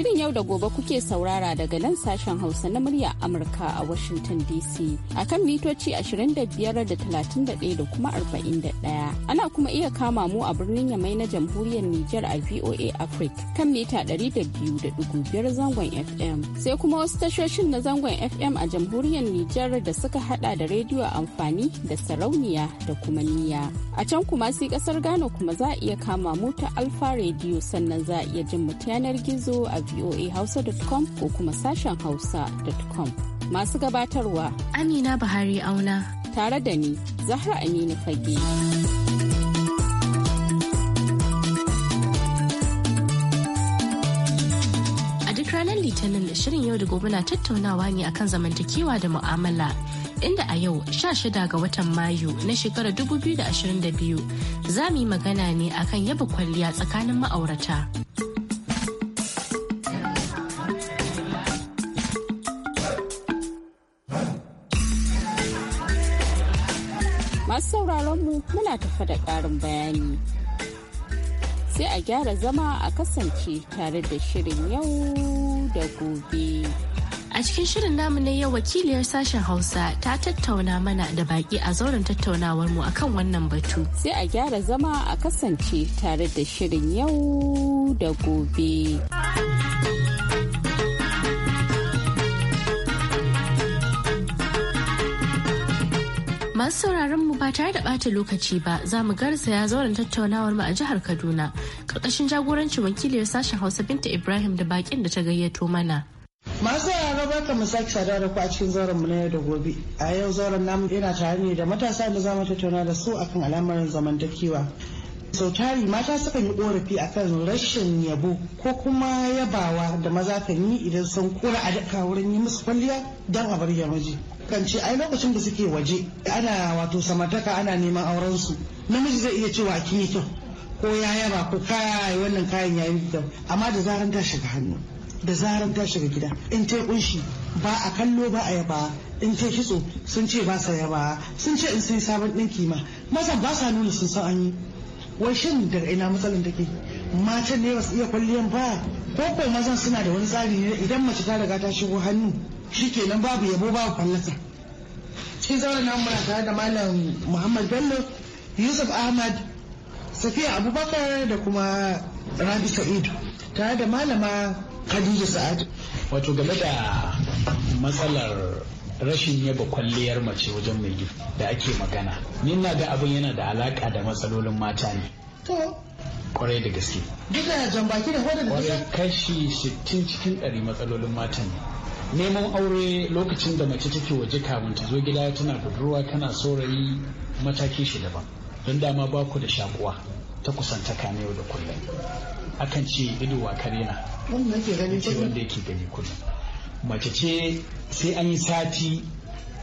Shirin yau da gobe kuke saurara daga nan sashen Hausa na murya Amurka a Washington DC a kan mitoci 25.31 da kuma 41. Ana kuma iya kama mu a birnin Yamai na Jamhuriyar Nijar a VOA Africa kan mita 200.5 zangon FM. Sai kuma wasu tashoshin na zangon FM a Jamhuriyar Nijar da suka hada da rediyo amfani da sarauniya da kuma niya. A can kuma sai kasar Ghana kuma za a iya kama mu ta Alfa rediyo sannan za a iya jin mu yanar gizo a voahausa.com ko kuma sashen hausa.com. Masu gabatarwa Amina Buhari Auna. Tare da ni, Zahra Aminu Fage. A duk ranar Litinin da shirin yau da gobe na tattaunawa ne akan zamantakewa da mu'amala. inda a yau 16 ga watan Mayu na shekarar 2022 za mu yi magana ne akan yaba kwalliya tsakanin ma'aurata. mu muna tafa da ƙarin bayani. Sai a gyara zama a kasance tare da shirin yau da gobe. A cikin shirin namu na yau wakiliyar sashen Hausa ta tattauna mana da baki a zauren tattaunawar mu akan wannan batu. Sai a gyara zama a kasance tare da shirin yau da gobe. Masu sauraron mu ba tare da bata lokaci ba za mu ya zauren tattaunawar mu a jihar Kaduna karkashin jagorancin wakiliyar sashen Hausa Binta Ibrahim da bakin da ta gayyato mana. Masu sauraron barka mu sake saduwa da ku a cikin zauren mu na yau da gobe. A yau zauren namu yana tare ne da matasa da za mu tattauna da su akan al'amarin zamantakewa. sau tari mata sukan yi korafi akan rashin yabo ko kuma yabawa da maza kan yi idan sun kura a wurin yi musu kwalliya don a bar miji kan ce ai lokacin da suke waje ana wato samartaka ana neman auren su namiji zai iya cewa kin yi kyau ko ya yaba ko kaya wannan kayan yayin kyau amma da zaran ta shiga hannu da zaran ta shiga gida in ta kunshi ba a kallo ba a yaba in ta kitso sun ce ba sa yaba sun ce in sun sabon ɗinki ma mazan ba sa nuna sun san an wai shin daga ina matsalar take matan ne ba su iya kwalliyan ba ko ko mazan suna da wani tsari ne idan mace ta riga ta shigo hannu shikenan babu yabo babu fallasa cikin zauren nan muna tare da malam muhammad bello yusuf ahmad safiya abubakar da kuma rabi sa'id tare da malama khadija sa'ad wato game da matsalar rashin yaba kwalliyar mace wajen mai da ake magana ni na ga abin yana da alaka da matsalolin mata ne to kwarai da gaske duka jan baki da hoda da kashi 60 cikin 100 matsalolin mata ne neman aure lokacin da mace take waje kamun ta zo gida tana budurwa kana saurayi mataki shi daban don dama ba ku da shakuwa ta kusantaka na yau da kullum akan ce ido wa karena wanda wanda yake gani kullum mace ce sai an yi sati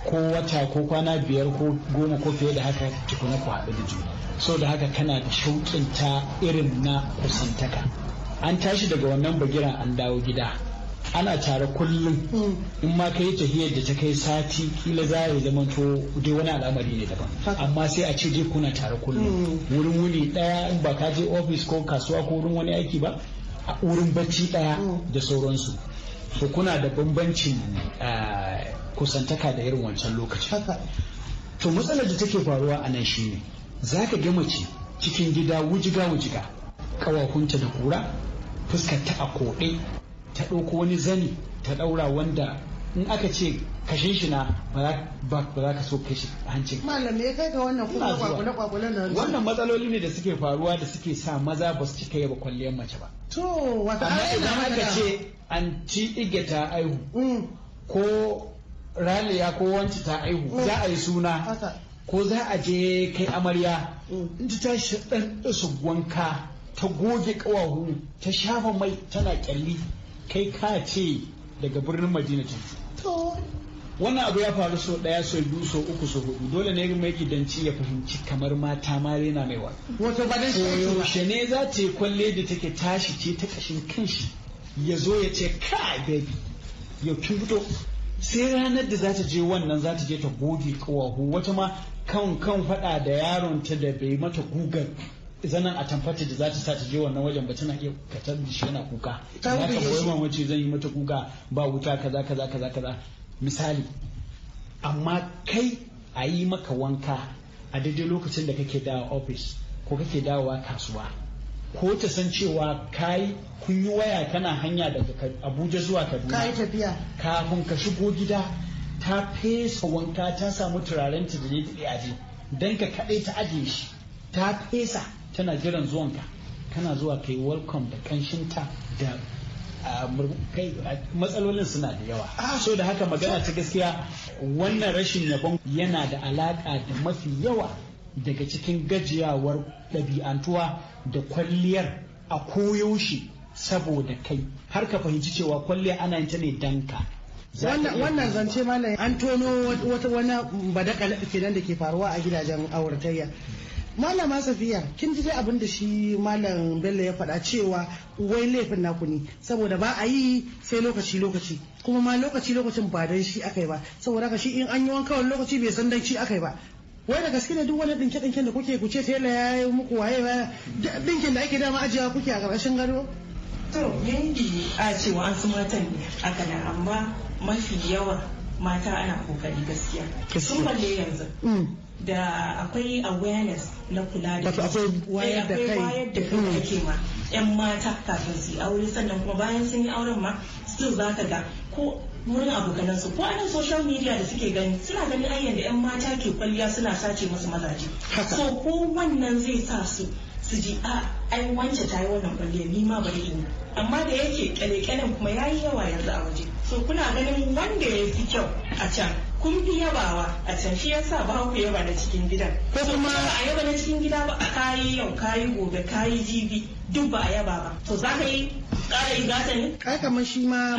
ko wata ko kwana biyar ko goma ko fiye da haka tukuna ku haɗu da juna so da haka kana da shauƙin irin na kusantaka an tashi daga wannan bagiran an dawo gida ana tare kullum hmm. in ma ka yi tafiyar da ta kai sati kila za yi zama to dai wani al'amari ne daban amma sai a ce dai kuna tare kullum hmm. wurin wuni daya in ba ka je ofis ko kasuwa ko wurin wani aiki ba a wurin bacci daya hmm. da sauransu to kuna da bambancin eh, kusantaka da irin wancan lokaci to matsalar da take faruwa a nan shine za ka ga mace cikin gida wujiga wujiga kawakunta da kura fuskar a koɗe ta ɗauko wani zani ta ɗaura wanda in aka ce kashe shi na ba za ka so a hancin. Malam ya kai ga wannan kuma kwakwale kwakwale na Wannan matsaloli ne da suke faruwa da suke sa maza ba su cika yaba kwalliyar mace ba. To wata Amma idan aka ce an ci ta aihu mm. ko raliya ko wanci ta aihu mm. za a yi suna ko za a je kai amarya mm. in ta tashi ɗan su wanka ta goge ƙawahu ta shafa mai tana ƙyalli kai ka ce daga birnin madina to wannan abu ya faru sau daya sau biyu sau uku sau hudu dole ne mai gidanci ya fahimci kamar mata ma rena mai wa wato ba dan shi ne za ta yi kwalle da take tashi ce ta kashin kanshi ya zo ya ce kai baby yau fito sai ranar da za ta je wannan za ta je ta goge kawahu wata ma kan kan fada da yaron ta da bai mata gugar zanen a tamfata da za ta sa ta je wannan wajen ba tana iya katar da shi yana kuka ya ka boye mamaci zan yi mata kuka ba wuta kaza kaza kaza kaza misali amma kai a yi maka wanka a daidai lokacin da kake dawo ofis ko kake dawowa kasuwa ko ta san cewa kai kun yi waya kana hanya daga abuja zuwa kaduna kai tafiya kafin ka shigo gida ta fesa wanka ta samu turaren ta da ne a je dan ka kaɗai ta ajiye shi ta fesa tana jiran zuwanka kana zuwa kai welcome da kanshinta da matsalolin suna da yawa ah. so da haka magana ta gaskiya wannan rashin yabon yana da alaka da mafi yawa daga cikin gajiyawar ɗabi'antuwa da kwalliyar a koyaushe saboda kai har ka fahimci cewa kwalliya ana yin ta ne danka wannan zance malam an tono wata wani ke nan da ke faruwa a gidajen auratayya malama safiya kin ji abin da shi malam bello ya faɗa cewa wai laifin naku ne saboda ba a yi sai lokaci lokaci kuma ma lokaci lokacin ba dan shi akai ba saboda haka shi in an yi wanka wani lokaci bai san dan shi akai ba wai da gaske ne duk wani dinke dinken da kuke kuce tela ya yi muku waye ba dinkin da ake dama ajiya kuke a ƙarƙashin gado to yanki a cewa an su matan ne aka da amma mafi yawa mata ana kokari gaskiya sun balle yanzu mm. da akwai awareness na kula da akwai wayar da kai da ake ma yan mata kafin su aure sannan kuma bayan sun yi auren ma still za ka ga ko wurin abokanan su ko anan social media da suke gani suna ganin ayyan da yan mata ke kwalliya suna sace masu mazaje so ko wannan zai sa su su ji a ai wance ta yi wannan kwalliya ni ma bari in amma da yake kyale-kyalen kuma ya yi yawa yanzu a waje so kuna ganin wanda ya fi kyau a can kun fi yabawa a can shi ya sa ba ku yaba na cikin gidan ko kuma a yaba na cikin gida ba a kayi yau kayi gobe kayi jibi duk ba a yaba ba to za ka yi ƙara yi gata ne kai kamar shi ma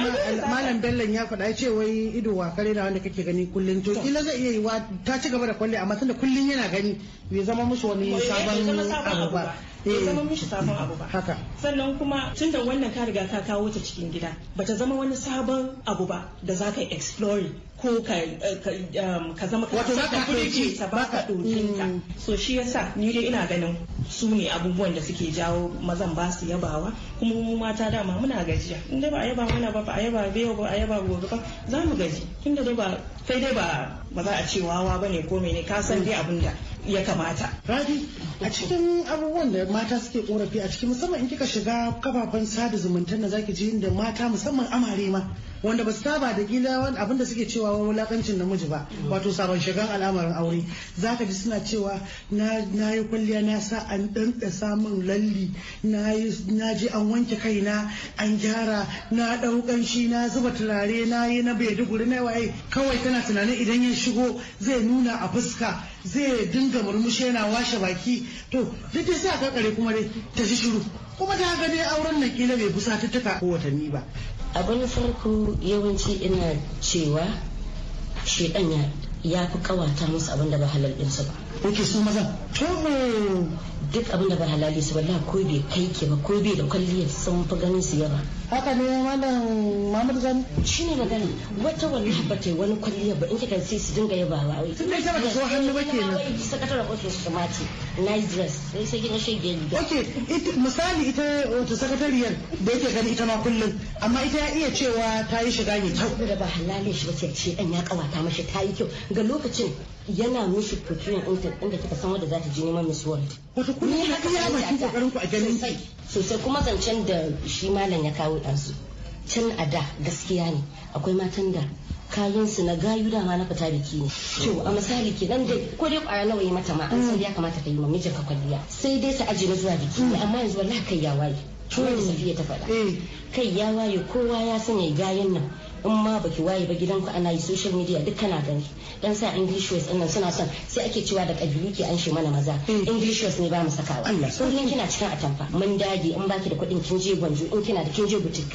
malam bellon ya faɗa ce wai ido wa kare na wanda kake gani kullum to kila zai iya yi wa ta ci gaba da kwalle amma tunda kullum yana gani bai zama musu wani sabon abu ba bai eh. zama mishi sabon abu ba haka sannan kuma tun da wannan ka riga ka kawo ta cikin gida ba ta zama wani sabon abu ba da za ka yi exploring ko eh, um, ka zama ka wato za ka doke ta ba ka dokin so shi yasa ni dai ina ganin su ne abubuwan da suke jawo mazan ba su yabawa kuma mu mata dama muna gajiya in dai ba a yaba mana ba ba a yaba bai ba a yaba gobe ba za mu gaji tunda dai ba kai dai ba ba za a ce wawa ba ne ko mene ka san dai abin da ya kamata. Rabi, a cikin abubuwan da mata suke korafi a cikin musamman in kika shiga kafafen sada zumunta da zaki ji da mata musamman amare ma wanda ba su saba da gila abinda suke cewa wani wulakancin namiji ba wato sabon shigan al'amarin aure za ka ji suna cewa na yi kwalliya na sa an ɗanɗa samun lalli na ji an wanke kaina an gyara na ɗau ƙanshi na zuba turare na yi na bai guri na waye kawai tana tunanin idan ya shigo zai nuna a fuska zai dinga murmushi yana washe baki to duk dai sai a kare kuma dai ta shi shiru kuma ta ga dai auren nan kila bai fusatuttuka ko watanni ba abin farko yawanci ina cewa shedan ya fi kawata musu abin da ba halal ba Oke su maza to duk abin da ba halali su ba ko bai kai ke ba ko da kwalliyar sun fi ganin su yawa haka ne malam Muhammad Gani ne magana wata wani. ba ta wani kwalliya ba in kika sai su dinga yabawa wai tun da ba ta zo hannu ba kenan wai sakataren office su mati nice dress sai sai gina shege da okay misali ita wata sakatariyar da yake gani ita ma kullum amma ita ya iya cewa ta yi shiga mai kyau da ba halale shi ba ce ce dan ya kawata mashi ta yi kyau ga lokacin yana mishi portrayal inda kika san wanda za ta je neman Miss World wata kullum ya iya baki kokarin ku a ganin sai sosai kuma zancen da shi malam ya kawo ɗansu can a da gaskiya ne akwai matan da kayansu na gayu dama na fita biki ne to a misali kenan nan dai ko dai kwaya nawa yi mata ma an san ya kamata ka yi mamijin ka kwalliya sai dai su ajiye zuwa biki ne amma yanzu wallahi kai ya waye ta faɗa eh. kai ya waye kowa ya sanya gayan nan in ma baki waye ba gidanku ana yi social media duk kana gani dan sa english words nan suna son sai ake cewa da kabilu ke an mana maza hmm. english words ne ba mu sakawa kullum kina cikin atamfa mun dage in baki da kuɗin kin je gwanjo in kina da kin je boutique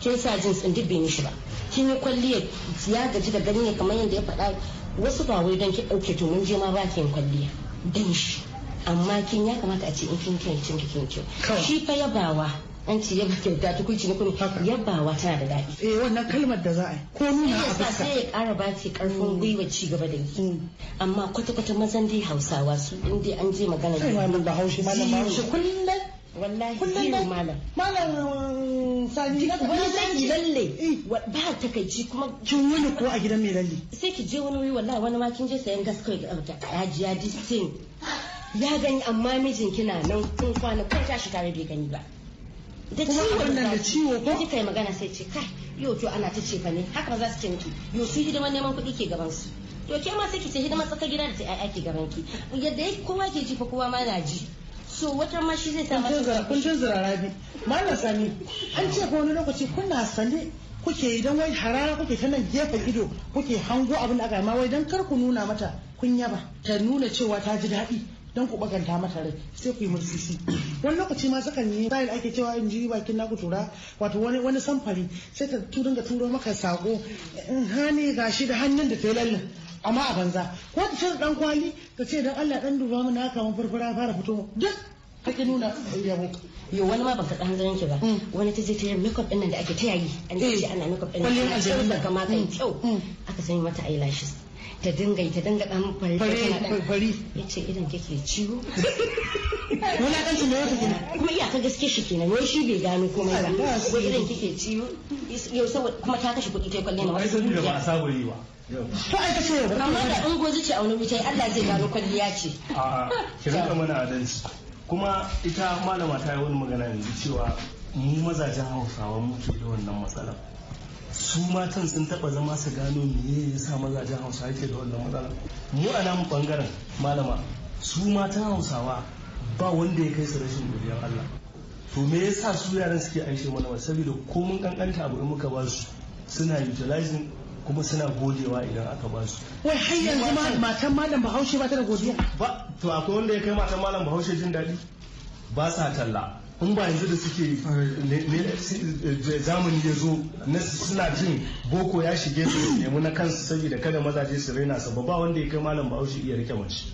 kin sa jins din duk bai mishi ba kin yi kwalliya ya gaji da gani ne kamar yadda ya faɗa wasu ba wai dan ki ɗauke to mun je ma ba ki kwalliya dan shi amma kin ya kamata a ce in kin kai kin kin shi fa yabawa an ce yaba kyauta tukunci ne kuma yabawa da daɗi. Eh wannan kalmar da za a yi ko nuna a fuska. Sai ya ƙara ba ce ƙarfin mm. gwiwa ci gaba da yi. Mm. Amma kwata-kwata mazan dai Hausawa su in dai an je magana. Kai malam Bahaushe malam Bahaushe kullum wallahi kullum malam. Malam um, Sani na wani sai lalle eh. ba ci kuma kin wani ko a gidan mai lalle. Sai ki je wani wuri wallahi wani ma kin je sayan gas kawai ga abuta ya distin ya gani amma mijin kina nan kun kwana kun tashi tare bai gani ba. da ciwo nan da ciwo ko ki kai magana sai ce kai yau to ana ta ce ne haka ba za su ce miki yau su hidiman neman kuɗi ke gaban su to ke ma sai ki ce hidiman tsaka gida da ta ai ake gaban ki yadda kowa ke ji fa kowa ma na ji so wata ma shi zai sa masa kun tun zira rabi malam sani an ce ko wani lokaci kuna sane kuke idan wai harara kuke ta nan gefen ido kuke hango abin da aka ma wai dan kar ku nuna mata kunya ba ta nuna cewa ta ji daɗi don ku baganta mata rai sai ku yi mursisi wani lokaci ma sukan yi bayan ake cewa in ji bakin naku tura wato wani wani samfari sai ta ga turo maka sako in hane gashi da hannun da ta yi lallin amma a banza ko ta ce dan kwali ta ce dan Allah dan duba mu na kama furfura fara fito duk kake nuna yabo yo wani ma baka dan ganin ki ba mm. wani ta je ta yin makeup din nan da ake ta yayi an ce eh, ana makeup din nan sai ka ma kai kyau mm. aka sanya mata eyelashes ta dinga ta dinga dan fari fari yace idan kake ciwo wala kan shi ne wata kina kuma iya ka gaske shi kenan wai shi bai gano komai ba wai idan kike ciwo yau saboda kuma ta kashe kuɗi ta kwalle na wasu saboda ba a saba yi ba to ai ba amma da in gozi ce a wani wuce Allah zai gano kwalliya ce a'a ki rinka mana adalci kuma ita malama ta yi wani magana yanzu cewa mu mazajen hausawa muke da wannan matsalar su matan sun taba zama su gano me ya sa mazajen hausa yake da wannan matsala mu a namu bangaren malama su matan hausawa ba wanda ya kai su rashin godiyar Allah to me yasa su yaran suke aishe mana saboda ko mun kankanta abu in muka ba su suna utilizing kuma suna godewa idan aka ba su. Wai har yanzu matan malam Bahaushe ba ta da godiya. Ba to akwai wanda ya kai matan malam Bahaushe jin daɗi? Ba sa talla. in ba yanzu da suke eh, eh, zamani ya zo na suna jin boko ya shige su nemi na kansu saboda kada mazaje su raina su ba wanda ya kai malam bahaushe iya rike mace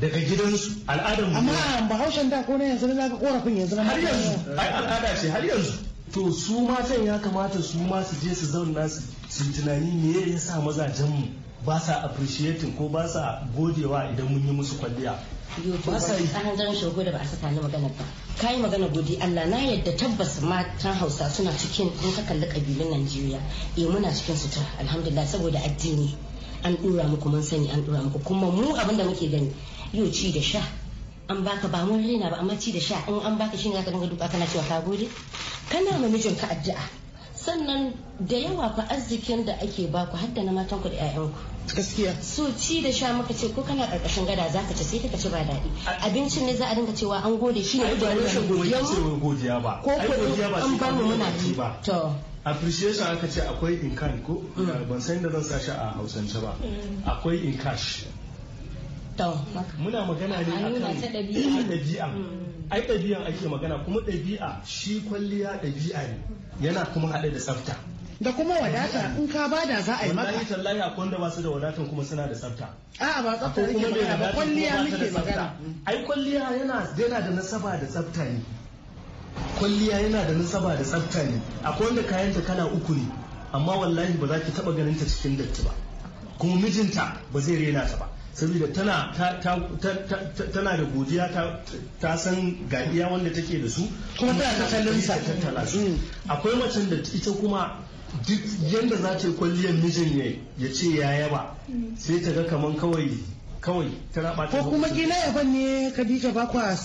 daga gidansu al'adar mu amma bahaushen da ko na yanzu na ga korafin yanzu na har yanzu al'ada ce har yanzu to su matan ya kamata su ma su je su zauna su tunani me yasa mazajen mu ba sa appreciating ko ba sa godewa idan mun yi musu kwalliya youtube an zan da ba a saka ni magana ba yi magana godi Allah na yadda tabbas matan Hausa suna cikin in ka kalli kabilun Najeriya eh muna cikin ta alhamdulillah saboda addini an dora muku mun sani an dora muku kuma mu abin da muke gani yau ci da sha an baka ba mun ba amma ci da sha in an baka shine zaka dinga duka kana cewa ka gode kana ma mijinka addu'a sannan da yawa fa arzikin da ake baku har da na matan ku da 'ya'yanku gaskiya so ci da sha muka ce ko kana karkashin gada za ka ci sai ka ci ba daɗi abincin ne za a dinga cewa an gode shi ne da rashin godiya ba ko ko an ba mu muna ci to appreciation aka ce akwai in kind ko mm. uh, ban san da zan sashi a hausance ba mm. akwai in cash muna magana ne akan ɗabi'a mm. ai ɗabi'a ake magana kuma ɗabi'a shi kwalliya ɗabi'a ne yana kuma haɗe da tsafta da kuma wadata in ka bada za a yi maka wallahi tallahi akwai wanda ba da wadatan kuma suna da tsafta a'a ba tsafta nake magana ba kwalliya muke magana ai kwalliya yana yana da nasaba da tsafta ne kwalliya yana da nasaba da tsafta ne akwai wanda kayanta kala uku ne amma wallahi ba za ki taba ganin ta cikin datti ba kuma mijinta ba zai rena ta ba saboda tana tana da godiya ta san ga wanda take da su kuma tana kallon sa tattala su mm. akwai macen da ita kuma duk yadda za ta kwalliyar mijin ne ya ce ya yaba mm. sai ta ga kaman kawai kawai tana ba ko kuma kila yaban ne Khadija ba kwa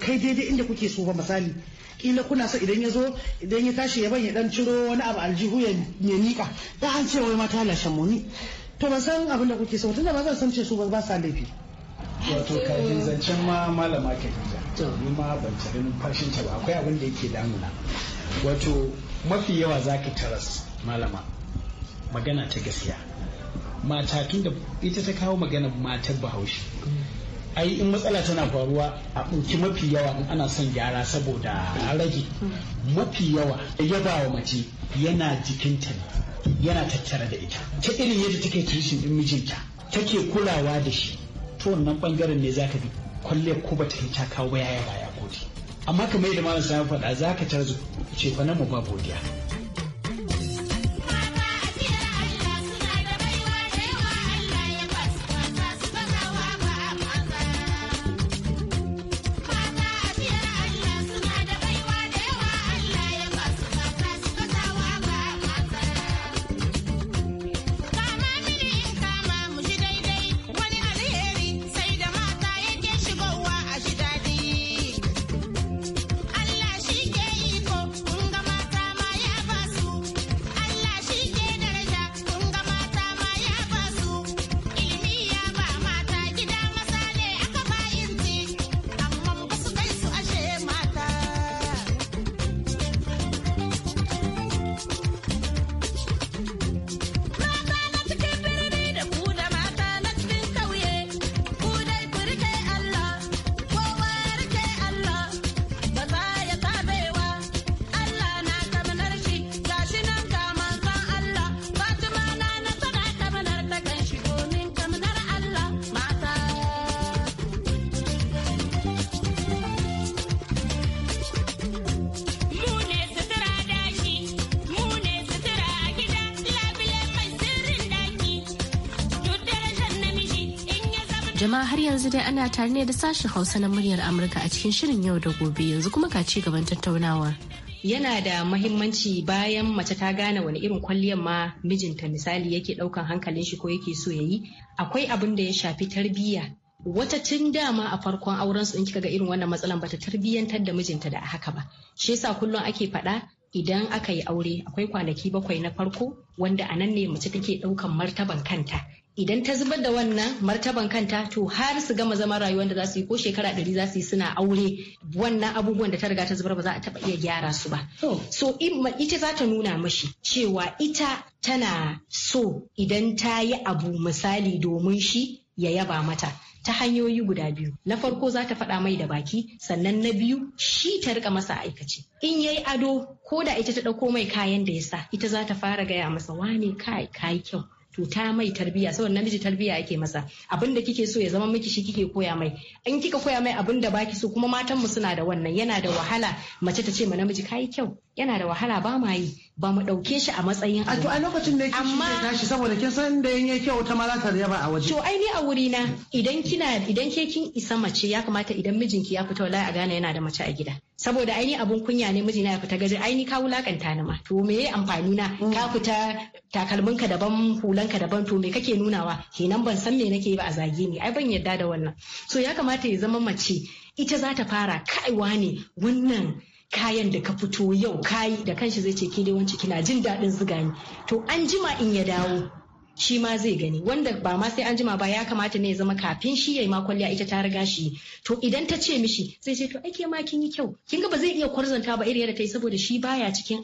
kai daidai inda kuke so ba misali kila kuna so idan ya zo idan ya tashi yaban ya dan ciro wani abu aljihu ya nika ta an ce wai mata lashe muni to ban san abin da kuke so tunda ba zan san ce su ba sa laifi wato kajin zancen ma malama Khadija ni ma ban tare numfashin ta ba akwai abin da yake damuna wato mafi yawa zaka taras malama magana ta gaskiya mata tun da ita ta kawo magana matar bahaushe ai in matsala tana faruwa a ɗauki mafi yawa in ana son gyara saboda rage mafi yawa yaba wa mace yana jikinta ne yana tattara da ita ta irin yadda take tirishin din mijinta take kulawa da shi to wannan bangaren ne zaka bi kwalle ko ba ta ta kawo ba yaya baya gode amma kamar yadda malam sai faɗa zaka tarzu ce fa nan mu ba godiya jama'a har yanzu dai ana tare ne da sashen hausa na muryar amurka a cikin shirin yau da gobe yanzu kuma ka ci gaban tattaunawa. yana da mahimmanci bayan mace ta gane wani irin kwalliyar ma mijinta misali yake daukan hankalin shi ko yake so ya yi akwai abin da ya shafi tarbiyya wata tun dama a farkon auren su in kika ga irin wannan matsalan bata tarbiyyantar da mijinta da haka ba shi yasa kullum ake faɗa idan aka yi aure akwai kwanaki bakwai na farko wanda a nan ne mace take ɗaukan martaban kanta idan ta zubar da wannan martaban kanta to har su gama zaman rayuwar da za su yi ko shekara ɗari za su yi suna aure wannan abubuwan da ta riga ta zubar ba za a taɓa iya gyara su ba. So ita za ta nuna mashi cewa ita tana so idan ta yi abu misali domin shi ya yaba mata. ta hanyoyi guda biyu na farko za ta faɗa mai da baki sannan na biyu shi ta rika masa aikace in yayi ado ko da ita ta ɗauko mai kayan da ya sa ita za ta fara gaya masa wane kai kai kyau to ta mai tarbiya saboda namiji tarbiya ake masa abin da kike so ya zama miki shi kike koya mai in kika koya mai abin da baki so kuma matan mu suna da wannan yana da wahala mace ta ce ma namiji kai kyau yana da wahala ba ma yi ba mu ɗauke shi a matsayin a to a lokacin da yake shi tashi saboda kin san da yake kyau ta mala ta yaba a waje to ai ni a wuri na idan kina idan ke kin isa mace ya kamata idan mijinki ya fita wallahi a gane yana da mace a gida saboda ai ni abun kunya ne mijina ya fita gaji ai ni ka wulakanta ni ma to me yayi amfani na mm. ka fita takalmin ka daban hulanka daban to me kake nunawa kenan ban san me nake ba a zage ni ai ban yarda da wannan so ya kamata ya zama mace ita za ta fara kaiwa ne wannan kayan da ka fito yau kayi da kanshi zai ce ke dai wance kina jin daɗin zuga ni to an jima in ya dawo shi ma zai gani wanda ba ma sai an jima ba ya kamata ne ya zama kafin shi yayi ma kwalliya ita ta riga shi to idan ta ce mishi zai ce to ake ma kin yi kyau kin ga ba zai iya kwarzanta ba irin yadda ta yi saboda shi baya cikin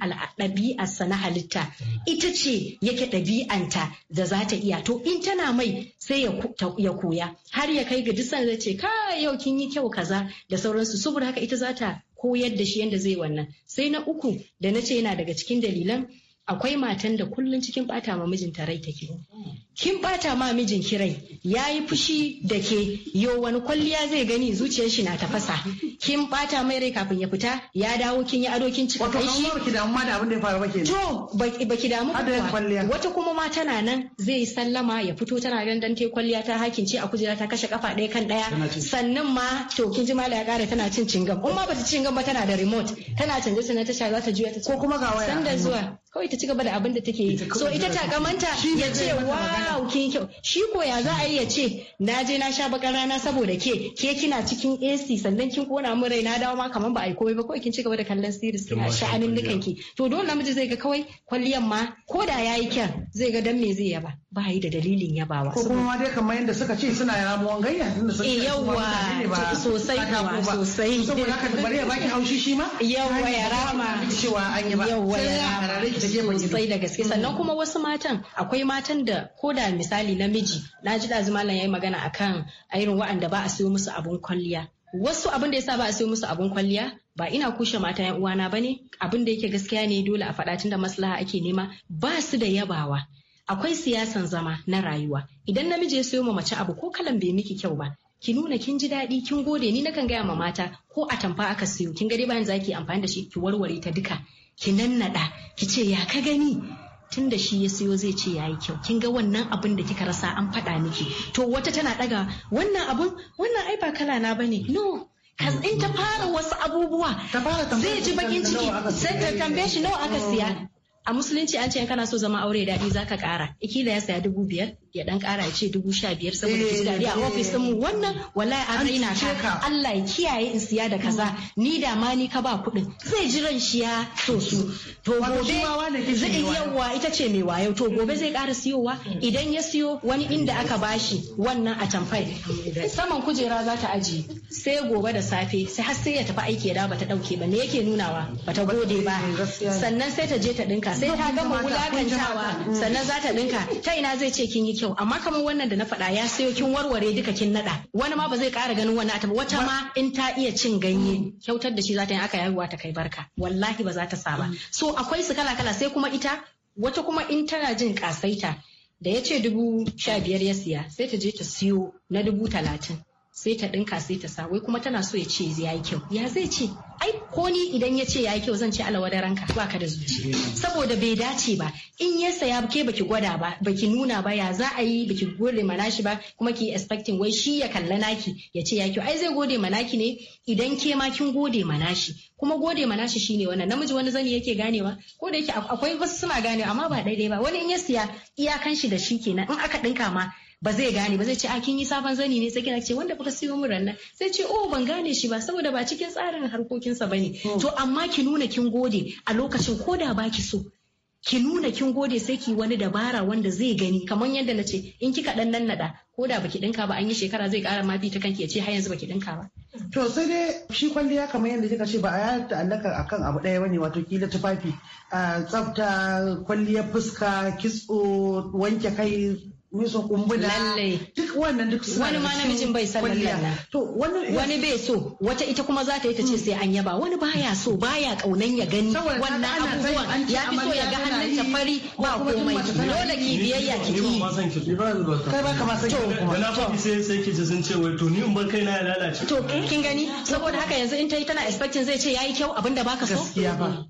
sa na halitta ita ce yake ɗabi'anta da za ta iya to in tana mai sai ya koya har ya kai ga duk zai ce ka yau kin yi kyau kaza da sauransu saboda haka ita za ta koyar da shi yadda zai wannan sai na uku da na ce yana daga cikin dalilan akwai matan da kullum cikin bata ma mijinta rai take kin bata ma mijin kirai? rai yayi fushi da ke yo wani kwalliya zai gani zuciyar shi na tafasa kin bata mai rai kafin ya fita ya dawo kin yi ado kin cika kai shi ki damu ma da abin da ya faru ba kenan to baki damu ba wata kuma ma tana nan zai yi sallama ya fito tana dandan te kwalliya ta hakin ce a kujera ta kashe kafa ɗaya kan ɗaya sannan ma to kin ji mala ya kare tana cin cingam in ma bata cingam ba tana da remote tana canje sanar ta sha za ta juya ta ko kuma ga waya sanda zuwa kawai ta ci gaba da abin da take yi so ita ta kamanta ya ce wow kin kyau shi ko ya za a yi ya ce na je na sha bakar rana saboda ke ke kina cikin AC sannan kin kona samu rai na dawo ma kamar ba a yi komai ba ko kin ci gaba da kallon series a sha'anin dukan ki to dole namiji zai ga kawai kwalliyan ma ko da ya yi kyan zai ga dan me zai yaba ba yi da dalilin yabawa ko kuma ma dai kamar yadda suka ce suna ramuwan gayya tunda suka ce eh, yawa sosai kuwa sosai saboda haka bari ya baki haushi shi ma yawa ya rama cewa an yi ba yawa ya rama sosai da gaske sannan kuma wasu matan akwai matan da ko da misali namiji na ji dazu malam yayi magana akan irin wa'anda ba a siyo musu abun kwalliya wasu abin da yasa ba a sayo musu abin kwalliya ba ina kushe mata yan uwana bane abin da yake gaskiya ne dole a faɗa tunda maslaha ake nema ba su da yabawa akwai siyasan zama na rayuwa idan namiji ya sayo ma mace abu ko kalan bai miki kyau ba ki nuna kin ji daɗi kin gode ni nakan gaya ma mata ko a tamfa aka siyo kin ga dai bayan zaki amfani da shi ki warware ta duka ki nannaɗa ki ce ya ka gani tun da shi ya siyo zai ce ya yi kyau kin ga wannan abin da kika rasa an faɗa miki to wata tana daga wannan abun wannan ai ba kala na bane no in ta fara wasu abubuwa zai ji bakin ciki sai ta tambaye shi nawa aka siya a musulunci an ce in kana so zama aure daɗi zaka ƙara iki da ya saya dubu biyar ya dan ƙara ya ce dubu sha biyar saboda eh, fuskari a ofis mu eh. wannan wallahi an raina ka Allah ya kiyaye in siya da kaza ni da ma ni ka ba kuɗin zai ji ran shi ya so su to gobe zai yawa ita ce mai wayo to gobe zai ƙara siyowa hmm. idan ya siyo wani inda aka bashi wannan a tamfai saman kujera za ta aji. sai gobe da safe sai har sai ya tafi aiki ya dawo bata ɗauke ba me yake nunawa bata gode ba sannan sai ta je ta ɗinka. sai ta gama wulakantawa sannan za ta dinka ta ina zai ce kin yi kyau amma kamar wannan da na faɗa ya sayo kin warware duka kin naɗa. wani ma ba zai ƙara ganin wani ba wata ma in ta iya cin ganye kyautar da shi za ta yi aka yaruwa ta kai barka wallahi ba za ta saba so akwai su kala kala sai kuma ita wata kuma in tana jin kasaita da ya ce dubu sha biyar ya siya sai ta je ta siyo na dubu talatin sai ta ɗinka sai ta sa wai kuma tana so ya ce ya yi kyau ya zai ce ai ko ni idan ya ce ya yi kyau zan ce alawa da ranka ba ka da zuci saboda bai dace ba in ya saya ke baki gwada ba baki nuna ba ya za a yi baki gode mana shi ba kuma ki expecting wai shi ya kalla naki ya ce ya kyau ai zai gode mana ki ne idan ke ma kin gode mana shi kuma gode mana shi shine wannan namiji wani zani yake ganewa ko da yake akwai wasu suna ganewa amma ba daidai ba wani in ya siya iyakan shi da shi kenan in aka ɗinka ma ba zai gane ba zai ce a kin yi sabon zani ne sai kina ce wanda kuka siyo min rannan sai ce oh ban gane shi ba saboda ba cikin tsarin harkokinsa bane oh. to amma ki nuna kin gode a lokacin ko da ba ki so ki nuna kin gode sai ki wani dabara wanda zai gani kamar yadda na ce in kika dan nan nada ko da baki dinka ba an yi shekara zai kara ma bi ta kanki ya ce har yanzu baki dinka ba to sai dai shi kwalliya kamar yadda kika ce ba a ya ta'allaka akan abu daya bane wato kila tufafi a ah, tsafta kwalliyar fuska kitso wanke kai nisan kumbula duk wannan duk suna wani ma namijin bai san lallai to wani wani bai so wata ita kuma za ta yi ta ce sai an yaba wani baya so baya kaunan ya gani wannan abubuwan ya fi so ya ga hannun ta fari ba komai dole ki biyayya ki yi kai ba kama sai kuma na fa sai sai ki ji sun ce wai to ni in ban kai na ya lalace to kin gani saboda haka yanzu in ta yi tana expecting zai ce yayi kyau abinda baka so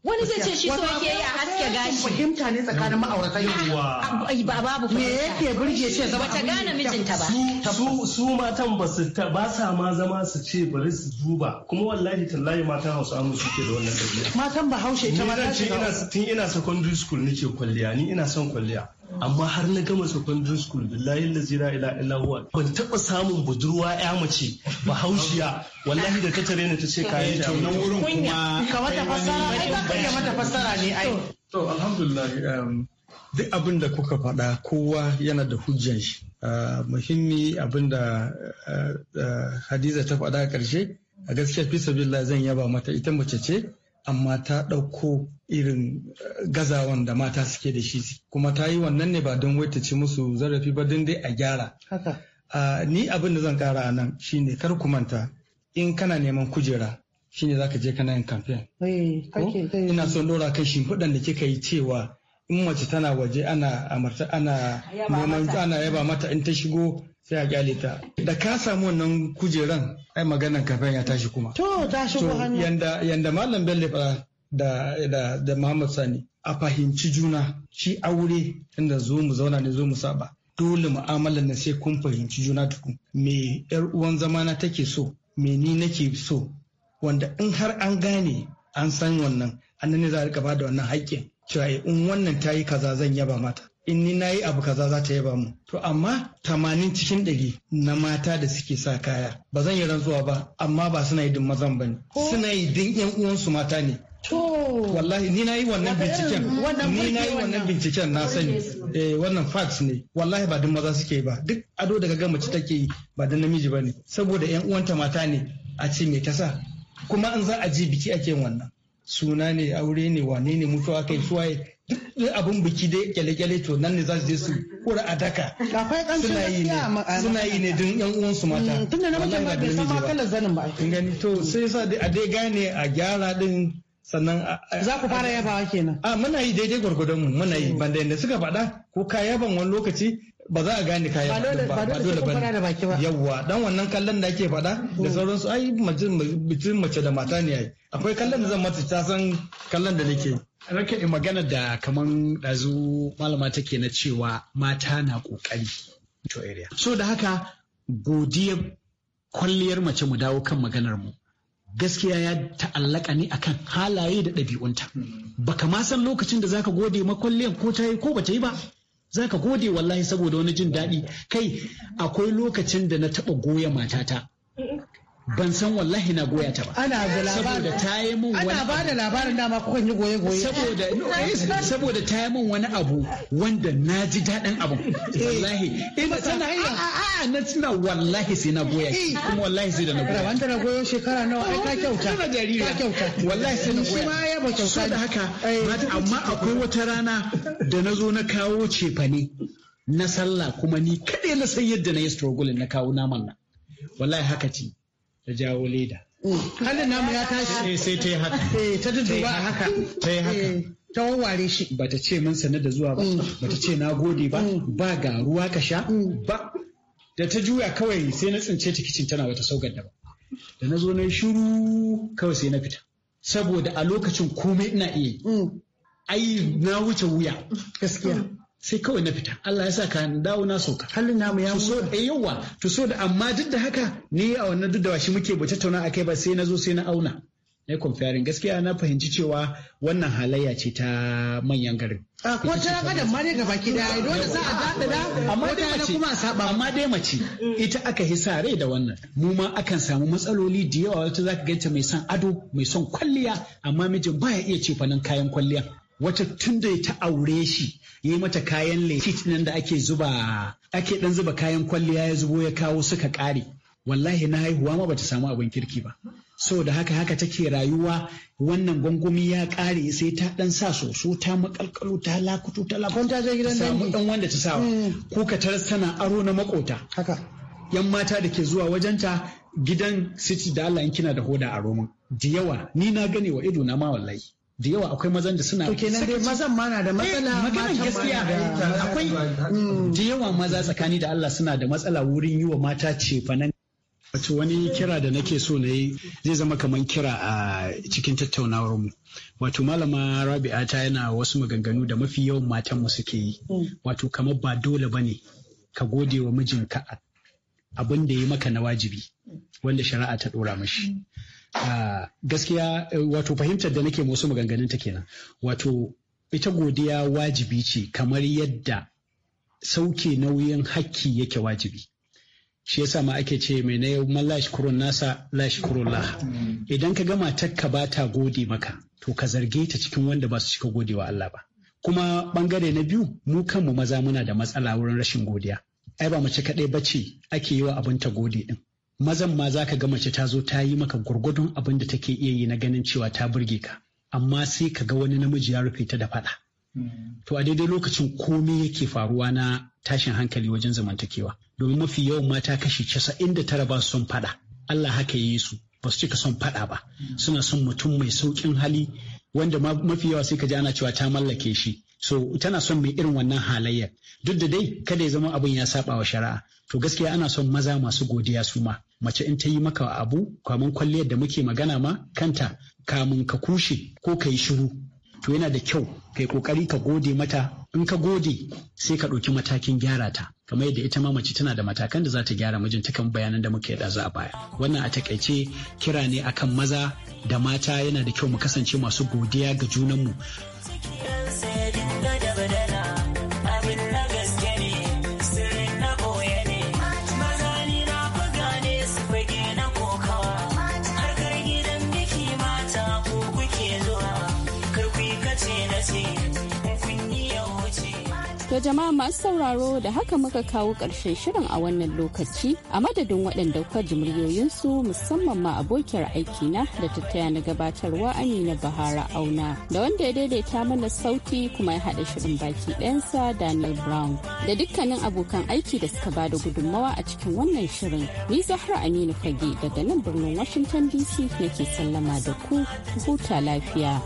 wani zai ce shi so yake yi a haske gashi fahimta ne tsakanin ma'auratan yawa ba babu me yake miji ya ce zama ta gane mijinta ba su su matan ba su ba sa ma zama su ce bari su duba kuma wallahi tallahi matan Hausa amma suke da wannan dabi'a matan haushe ta ba ta ina tun ina secondary school nake kwalliya ni ina son kwalliya amma har na gama secondary school billahi lazira ila illa huwa ban taba samun budurwa ya mace bahaushiya wallahi da ta tare ni ta ce kayan ta nan wurin kuma ka mata fassara ai ka ka mata fassara ne ai to alhamdulillah um, duk abin da kuka faɗa kowa yana da hujjan shi ah, muhimmi abin da ah, ah, hadiza ta faɗa a ƙarshe a gaskiya fi sabila zan yaba mata ita mace ce amma ta ɗauko irin gazawan da mata suke da shi kuma ta yi wannan ne ba don wai ta ci musu zarafi ba don dai a gyara ni abin da zan kara nan shine kar ku manta in kana neman kujera shine zaka je kana yin eh, kamfen. ina son dora kan shimfiɗan da kika yi cewa in mace tana waje ana amarta ana neman ana yaba mata in ta shigo sai a kyale ta da ka samu wannan kujeran ai maganan kafin ya tashi kuma to ta shigo hanya yanda yanda malam bello fara da da da Muhammad Sani a fahimci juna shi aure tunda zo mu zauna ne zo mu saba dole mu'amalar na sai kun fahimci juna tukun me yar uwan zamana take so me ni nake so wanda in har an gane an san wannan annan ne za a rika bada wannan haƙƙin cewa eh, in wannan ta yi kaza zan yaba mata in ni na yi abu kaza za ta yaba mu to amma tamanin cikin ɗari na mata da suke sa kaya ba zan yi rantsuwa ba amma ba suna yi din mazan ba ne suna yi din yan uwansu mata ne wallahi ni na yi wannan binciken ni na yi wannan binciken na sani eh wannan facts ne wallahi ba din maza suke ba duk ado daga ga mace take yi ba din namiji ba ne saboda yan uwanta mata ne a ce me ta sa kuma in za a je biki ake wannan suna ne aure ne wane ne mutuwa kai suwaye duk abin biki dai kyale-kyale to nan ne za su je su kura a daka suna yi ne suna yi ne don yan uwansu mata mm, tunda na mace ma bai san ma kalar zanin ba kin gani to sai sa a dai gane a gyara din sannan za ku fara yabawa kenan a muna yi daidai gwargwadon mu muna yi banda yanda suka faɗa ko ka yaban wani lokaci ba za a gane kayan ba ba dole ba yawwa dan wannan kallon da ake faɗa da mm. sauransu ai mutum mace da mata ne ai akwai kallon da zan mata ta san kallon da nake rake in magana da kaman ɗazu malama take na cewa mata na ƙoƙari so da haka godiyar kwalliyar mace mu dawo kan maganar mu gaskiya ya ta'allaka ne akan halaye da ɗabi'unta mm. baka ma san lokacin da zaka gode makwalliyar ko ta yi ko bata yi ba za ka gode wallahi saboda wani jin daɗi kai akwai lokacin da na taɓa goya matata ban san wallahi na goya ta ba ana da labarin saboda ta yi min wani ana ba da labarin dama kukan yi goye goye saboda eh, saboda ta yi min wani abu wanda na ji daɗin abu eh. wallahi ina eh, tana yi a na tuna wallahi sai na goya kuma wallahi sai da na goya da na goyo shekara nawa ai ka kyauta kana jarira ka kyauta wallahi sai na goya shi ma ya ba kyauta da haka amma akwai wata rana da na zo na kawo cefane na sallah kuma ni kaɗai na san yadda na yi struggling na kawo naman nan wallahi haka ce ta jawo leda. halin namu ya tashi. Eh, sai ta yi haka. Eh, ta duduba a haka. Ta yi haka. Eh, ta wawware shi. Bata ce mun sanar da zuwa ba, mm. bata ce na gode ba, mm. ba ga ruwa ka sha, mm. ba. Da ta juya kawai sai na tsince ta kicin tana wata saukar da ba. Da na zo na shiru kawai sai na fita. Saboda a lokacin komai ina iya yi. Ai na wuce wuya. Gaskiya. sai kawai na fita Allah ya sa ka dawo na sauka halin namu ya so da eh, yawa to so da amma duk da haka ni a wannan duk da washi muke ba tattauna kai ba sai na zo sai na auna na comparing gaskiya na fahimci cewa wannan halayya ce ta manyan garin a ko ta adam ma ne gaba ki da dole za a dada da amma dai mace kuma saba amma dai mace ita aka yi sa rai da wannan mu ma akan samu matsaloli da yawa wata zaka ganta mai son ado mai son kwalliya amma mijin baya iya ce nan kayan kwalliya wata tun da ta aure shi ya yi mata kayan lekit nan da ake zuba ake dan zuba kayan kwalliya ya zubo ya kawo suka kare wallahi na haihuwa ma bata samu abin kirki ba saboda haka haka take rayuwa wannan gwangwami ya kare sai ta dan sa soso ta makalkalu ta lakutu ta lakutu ta je gidan dan wanda ta sawa hmm. ko ka taras tana aro na makota haka yan mata da ke zuwa wajenta gidan city da Allah in kina da hoda a Roman da yawa ni na gane wa ido na ma wallahi da yawa akwai mazan da suna to kenan mazan ma da matsala eh, gaskiya eh, akwai mm. da yawa maza tsakani da Allah suna da matsala wurin yi wa mata cefanen wato wani kira da nake so na yi zai zama kamar kira a cikin tattaunawar mu wato malama rabi'a ta yana wasu maganganu da mafi yawan matan mu suke yi mm. wato kamar ba dole bane ka gode wa mijinka abin da ya maka na wajibi wanda shari'a ta dora mashi mm. Ah, gaskiya eh, wato fahimtar da nake musu maganganun ta kenan wato ita godiya wajibi ce kamar yadda sauke nauyin hakki yake wajibi shi yasa ma ake ce mai na yau Lashi, kurun nasa Kur'un Laha. Mm. idan ka gama takka ba ta gode maka to ka zarge ta cikin wanda ba su cika gode wa Allah ba kuma bangare na biyu mu kanmu maza muna da matsala wurin rashin godiya ai ba mace kaɗai bace ake yi wa abin ta gode din mazan ma za ka ga mace ta zo ta yi maka gwargwadon abin da take iya yi na ganin cewa ta burge ka amma sai ka ga wani namiji ya rufe ta da faɗa. Hmm. To a daidai lokacin komai yake faruwa na tashin hankali wajen zamantakewa domin mafi yawan mata kashi casa'in da tara ba su son faɗa Allah haka yi su ba su cika son faɗa ba hmm. suna son mutum mai sauƙin hali wanda mafi yawa sai ka ji ana cewa ta mallake shi so tana son mai irin wannan halayyar duk da dai kada ya zama abin ya saba wa shari'a to gaskiya ana son maza masu godiya su ma mace in ta yi maka abu kwamin kwalliyar da muke magana ma kanta kamun ka kushe ko ka yi shiru to yana da kyau kai kokari ka gode mata in ka gode sai ka ɗauki matakin gyara ta kamar yadda ita ma mace tana da matakan da za ta gyara mijinta kan bayanan da muke yada za a baya wannan a takaice kira ne akan maza da mata yana da kyau mu kasance masu godiya ga junanmu. jama'a masu sauraro da haka muka kawo ƙarshen shirin a wannan lokaci a madadin waɗanda kwa su musamman ma abokiyar aikina da tattaya na gabatarwa Amina Bahara Auna da wanda ya daidaita mana sauti kuma ya haɗa shirin baki ɗansa Daniel Brown da dukkanin abokan aiki da suka bada gudunmawa a cikin wannan shirin. Ni Zahra Aminu Fage daga nan birnin Washington DC nake sallama da ku huta lafiya.